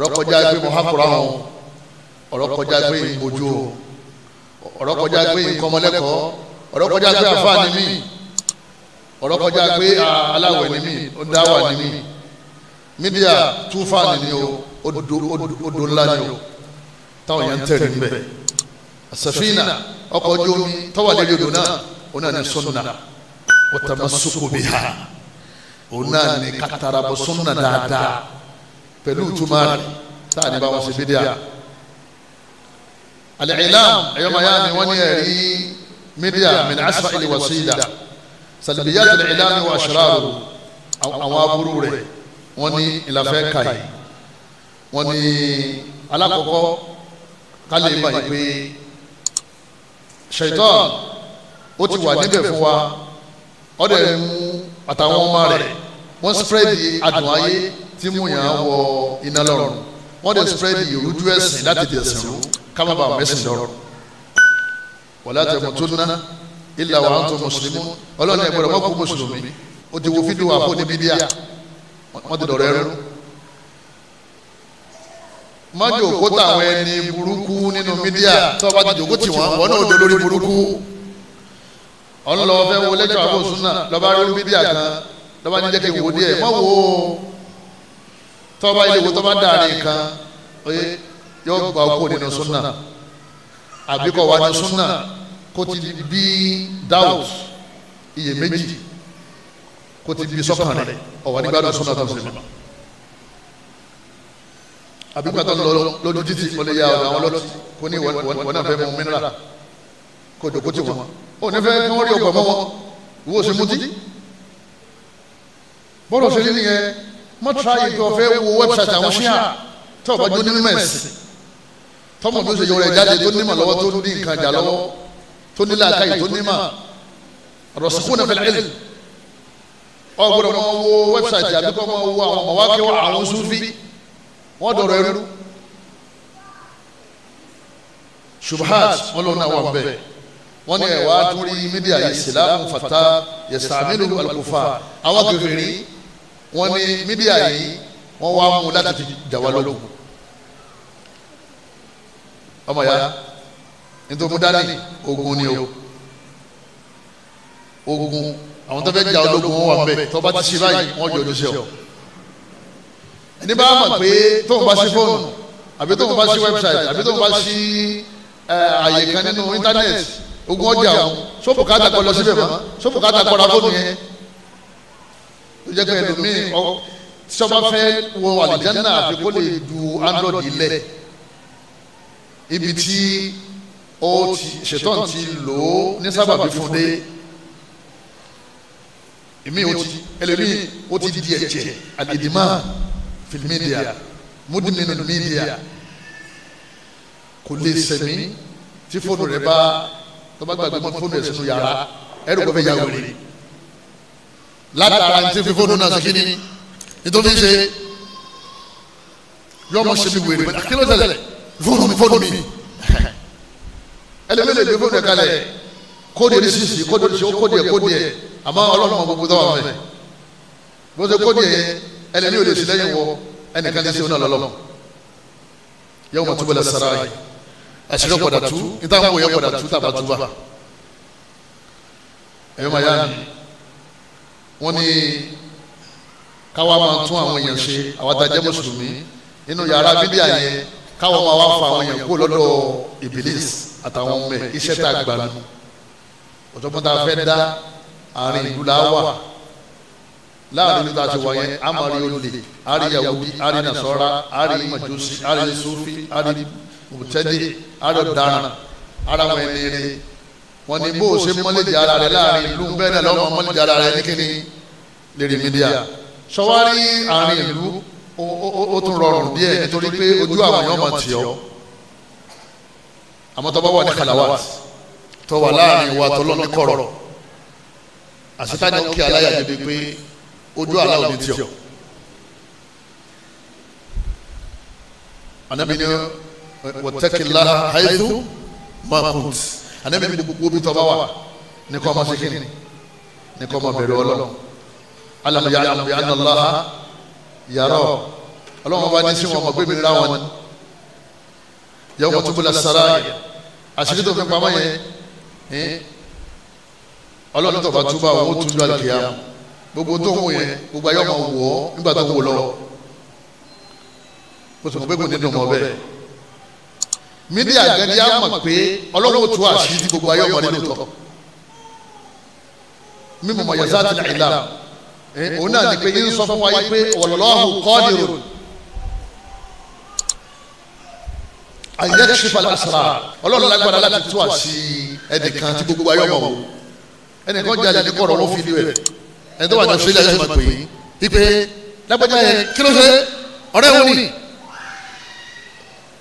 ọ̀rọ̀ kọjá pé mo há kura hàn ọ̀rọ̀ kọjá pé ojú o ọ̀rọ̀ kọjá pé nkọmọlẹ́kọ̀ọ́ ọ̀rọ̀ kọjá pé ni mí ọ̀rọ̀ kọjá pé aláwẹ̀ ni mí ọ̀dáwà ni mí mídíà túfà ni ni o odò ńlá ni o táwọn yẹn ń tẹ̀lé níbẹ̀ àsàfínà ọkọ̀ ojú omi tọ́wà lórí odò náà òun náà ni sunna wọ́n tẹ̀ mọ́ sókò bí ha òun náà ni kátàrà bọ́ sunna dáadáa pẹ̀lú ìtumá rẹ̀ tá a ní bá wọn ṣe bídíà. al-i'lam ẹ̀yọ́mayá ni wọ́n ní ẹ̀rí mídíà min asfa'il wasila salbiyat al-i'lam wa ashraruhu àwọn aburú rẹ̀ wọ́n ní ìlàfẹ́ kàì wọ́n ní alákọ̀ọ́kọ́ kálí ìgbà yìí pé ṣètọ́n ó ti wà níbẹ̀ fún wa ọ̀dẹ̀ mú àtàwọn ọmọ rẹ̀ wọ́n spread adùn ayé tí mú yàn án wọ iná lọ́rùn wọ́n dẹ̀ spread ìrújú ẹ̀sìn láti tẹ̀sán rú kábàbà mẹ́sìn lọ́rùn wàlá tamutunna illa wa antum muslimun ọlọ́run ẹ̀ gbọ́dọ̀ mọ́kù mùsùlùmí o ti wo fídíò àpò níbi díà wọ́n ti dọ̀rọ̀ ẹrú. má jòkó táwọn ẹni burúkú nínú mídíà tó bá ti jòkó tì wọ́n wọ́n náà dé lórí burúkú. ọ̀nlọ́ọ̀fẹ́ wo lẹ́jọ́ àbòsùn náà lọ́ba rí mídíà kan lọ́ba ní jẹ́ kí n wò díẹ̀ mọ́ tọ́ba ilé wo tọ́ba dàrin kan oye yóò gba okó nínú súnà àbíkọ̀ wà ní súnà kó ti bí doubt iyèméjì kó ti bí sọ́kàn rẹ̀ ọ̀wà nígbàdùn súnà tó ń sèmọ́ àbíkọ̀tọ̀ lọ́dún títì ọlẹ́yà ọ̀dọ̀ àwọn ọlọ́tì kò ní wọ́n náà fẹ́ mú mineral kò dòkó tì wọ́n ò ní fẹ́ kí wọ́n rí ọgbà mọ́ wọn ìwọ ṣe mutí bọ́ọ̀lù ṣe ní nìyẹn mo tra yìí kí o fẹ́ wo wẹ́bsáìtì àwọn ṣíà tó o bá jó nímọ̀ ẹ̀sìn tọmọ mi ò ṣe yọ rẹ̀ jáde tó nímọ̀ lọ́wọ́ tó ní nǹkan jà lọ́wọ́ tó ní làákàyè tó nímọ̀ rọ̀ṣùkúnà fil ilm ọgbọdọ máa wo wẹbsáìtì àbí kọ́ máa wo àwọn mọ̀wákẹ́wọ́ àwọn sufi wọ́n dọ̀rọ̀ ẹrú subhat wọn lọ́nà wà bẹ́ẹ̀ wọ́n ní ẹ̀wá tó rí mídíà yìí sìlámù fata yasamilu al-kufa àwọn kèfèrí wọ́n ní mídíà yìí wọ́n wá mú láti fi jà wá lọ́gùn ọmọ ya nítorí dání ogun ni o ogun àwọn tó fẹ́ jà ológun wọn wà bẹ́ẹ̀ tó bá ti ṣe báyìí wọ́n jọ lóṣẹ́ o ẹni bá mọ̀ pé tóun bá ṣe fóònù àbí tóun bá ṣe wẹ́bsáìtì àbí tóun bá ṣe àyè kan nínú íńtánẹ́ẹ̀tì ogun ọjà òun sófò ká dàgbọ́ lọ síbẹ̀ mọ́ sófò ká dàgbọ́ fóònù yẹn tó jẹ́ pé ẹlòmíì sọba fẹ́ wọ àlìjánná àfi kó lè ju android lẹ̀ ibi tí ó ti ṣetán ti lò ó ní sábàbí fún dé èmi ò ti ẹlòmíì ó ti di ẹ̀jẹ̀ àdìdìmá fìlímídìà múdìmínú mídìà kò lè sẹ̀mí tí fóònù rẹ̀ bá tọ́ba gbàgbé mọ́ fóònù rẹ̀ sínú yàrá ẹ̀rù kò fẹ́ yà wèrè látara ntí fífó nínú náà sẹ́kí ni nítorí ṣe yọ ọmọ ṣe mi wèrè bẹ́ẹ̀ kí ló tẹ̀lé fóònù mi fóònù mi ẹlẹ́mẹ́lẹ́ gbé fóònù ẹ̀ kalẹ̀ kóde ní sísì kóde ní sísì kóde ẹ̀ kóde ẹ̀ àmọ́ ọlọ́run ọmọ gbogbo dáwà mẹ́ bó ṣe kóde ẹ̀ ẹlẹ́mí ò lè sí lẹ́yìn wọ ẹnìkan lè sí ọ̀nà lọ́lọ́ yẹ́wò mọ̀ túbọ̀ lẹ́ sara yìí àṣírí ọ̀pọ̀dà tú nítawọn òye ọ̀pọ̀dà tú tàbá tú bá ẹ̀yọ́ máa yá mi wọ́n ní káwa máa tún àwọn èèyàn ṣe àwọn adájẹ́ mùsùlùmí nínú yàrá bíbíà yẹn káwa máa wá fa àwọn èèyàn kó lọ́dọ̀ ibilis àtàwọn ọmọ ẹ̀ iṣẹ́ tá a gbà nù ọ̀jọ̀gbọ́n fẹ́ dá àárín ìlú la wà láàrin nígbà tí wọ́n yẹn amari olè ari yahudi ari nasara ari majusi ari sufi ari mutẹ́dẹ́ ari ọ̀daràn ara wọn ẹni rẹ̀ wọ́n ní bó o ṣe mọ́lẹ́jì ara rẹ láàrin ìlú bẹ́ẹ̀ náà lọ́mọ mọ́lẹ́jì ara rẹ ní kíni lérí mídíà sọwárí àárín ìlú ó tún rọrùn díẹ̀ nítorí pé ojú àwọn èèyàn máa tì ọ́ àmọ́ tó bá wà ní kàlàwàt tó wà láàrin wa tó lọ́ní kọ̀rọ̀ àṣetáni ó kí aláyà débi pé ojú àlá ò ní tì ọ́ ànábi wọ́n tẹ́kìlá àìsùn máa kùn tì ànábì mi gbogbo bí tọ́ bá wà ní kọ́ ọmọ sẹ́kìnì ní kọ́ ọmọ bẹ̀rẹ̀ ọlọ́run alamuya alamuya analaha yàrá ọlọ́run bá ní sí wọn ọmọ gbé mi ra wọn yàwó wọn tún bọ́lá sara yẹ àṣírí tó fi pamọ́ yẹn ọlọ́run tó bá túbà wọn ó tún lọ gbogbo tó ń wò gbogbo ayé ọmọ wọ̀ ọ́ nígbà tó ń wò lọ́wọ́ bó ti mọ̀ pé mídíà gẹ́gẹ́ á mọ̀ pé ọlọ́run tú àṣírí gbogbo ayé ọmọdé lóòótọ́ mímu mọ̀ yẹn sáà ti nà ìlà òun náà ni pé yín sọ fún wa yí pé wallahu qadirun ayé ṣífà lásìrà ọlọ́run lágbára láti tú àṣì ẹnìkan tí gbogbo ayé ọmọ wò ẹnìkan jalè ní kọ̀ọ̀rọ̀ ló fi ní rẹ̀ ẹni tó wà ní ọ̀ṣẹ́lẹ̀ ẹ̀ máa pè é ipe lágbájá yẹn kí ló ṣe ọ̀rẹ́ wo ni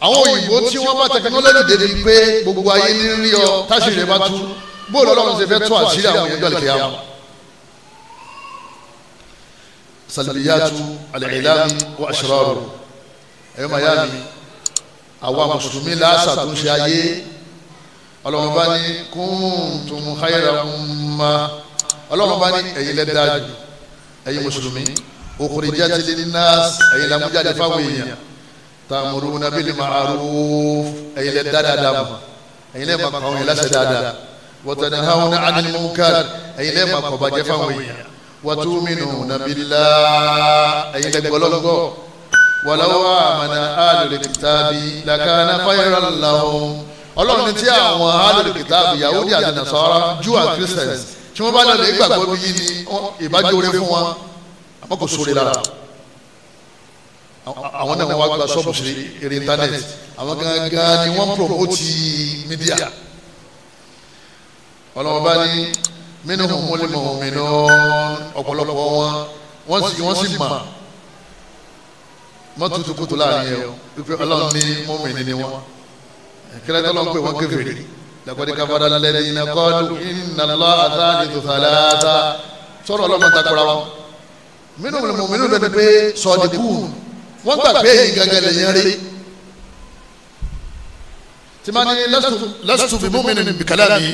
àwọn òyìnbó tí wọ́n bá tẹkinọ́lọ́jì débi pé gbogbo ayé ní rí ọ táṣì rẹ bá tú bó lọ́lọ́run ṣe fẹ́ tó àṣírí àwọn èèyàn jọ̀lẹ̀ kíá. salibiyatu alilami wa asraru ẹ̀yọ́ mayami àwa mùsùlùmí láàṣà tó ń ṣe ayé ọlọ́run bá ní kuntum khayra umma ọlọ́run bá ní ẹ̀yin lẹ́dáàjù ẹ̀yin mùsùlùmí ukhrijat linnas ẹ̀yin làmújáde fáwọn èèyàn ta'muruna bil ma'ruf ẹ̀yin lẹ dáadáa dà mọ́ ẹ̀yin lẹ máa kọ́ àwọn yẹn lásẹ̀ dáadáa wa tanhawna 'anil munkar ẹ̀yin lẹ máa kọ̀ bàjẹ́ fáwọn èèyàn wa tu'minuna billah ẹ̀yin lẹ gbọ́lọ́gbọ́ walaw amana ahlul kitabi lakana khayran lahum ọlọ́run ní tí àwọn ahlul kitabi yahudi àti nasara jew and christians tí wọ́n bá lọ lè gbàgbọ́ bí ni ìbájú rẹ fún wọn àmọ́ kò sóore lára àwọn náà wàá gba ṣọ́ọ̀bù sí eré íńtánẹ́ẹ̀tì àwọn gangan ni wọ́n promote mídíà ọlọ́wọ́n bá ní mínú mọ́lẹ́mọ́ mínú ọ̀pọ̀lọpọ̀ wọn wọ́n sì wọ́n sì mà mọ́tútù kùtù láàrin yẹn o pé ọlọ́run ní mọ́mìnì ni wọ́n kílẹ̀ tó lọ́n pè wọ́n kèfèrí lẹ́kọ̀ọ́dé káfọ́dá lẹ́dí iná kọ́ọ̀lù iná lọ́ àtàlẹ́ tó sàlẹ́ àtà sọ̀rọ̀ ọlọ́run takura wọn mínú mọ́mìnì bẹ́ẹ̀ ni pé sọ̀dẹ̀kùn wọ́n gbà pé èyí gẹ́gẹ́ lè yẹn rí tí ma ní lẹ́sùtù bí mú mi ní bìkálà mi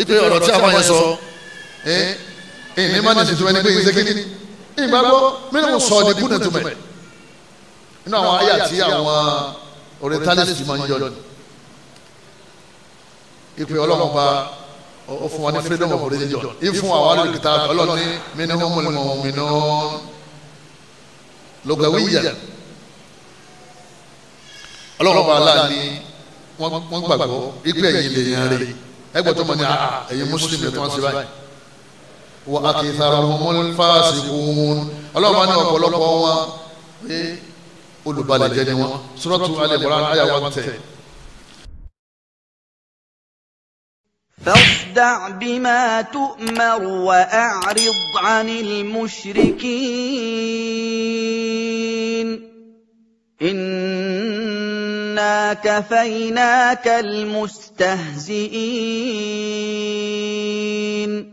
ipe ọ̀rọ̀ tí a máa yẹn sọ ẹ ẹ ní ma ní tuntun ẹni pé yín sékìtì ní ìgbà gbọ́ mílíọ̀nù sọ ọ́ ní kúnà tó mẹ́ nínú àwọn ayé àti àwọn orientalist máa ń yọ ni ipe ọlọ́run bá ó fún wa ní freedom of religion ìfún àwọn alóòkìtà ọlọ́run ní mínímù mínímù mínímù lọ́gàwíyà ọlọ́run bá aláà ní wọ́n gbàgbọ́ ipe ẹ̀yìn lèèyàn rè ẹgbẹ́ tó mọ̀ ní ẹ̀yìn mùsùlùmí tó ń ṣe báyìí wọ akitara mọ́mọ́lì fásikún ọlọ́run bá ní ọ̀pọ̀lọpọ̀ wọn pé olùbalẹ̀ jẹ́ ni wọn sọ́rọ́tù alẹ́ bọ́lá ayà wọn tẹ̀. فاصدع بما تؤمر واعرض عن المشركين مبين انا كفيناك المستهزئين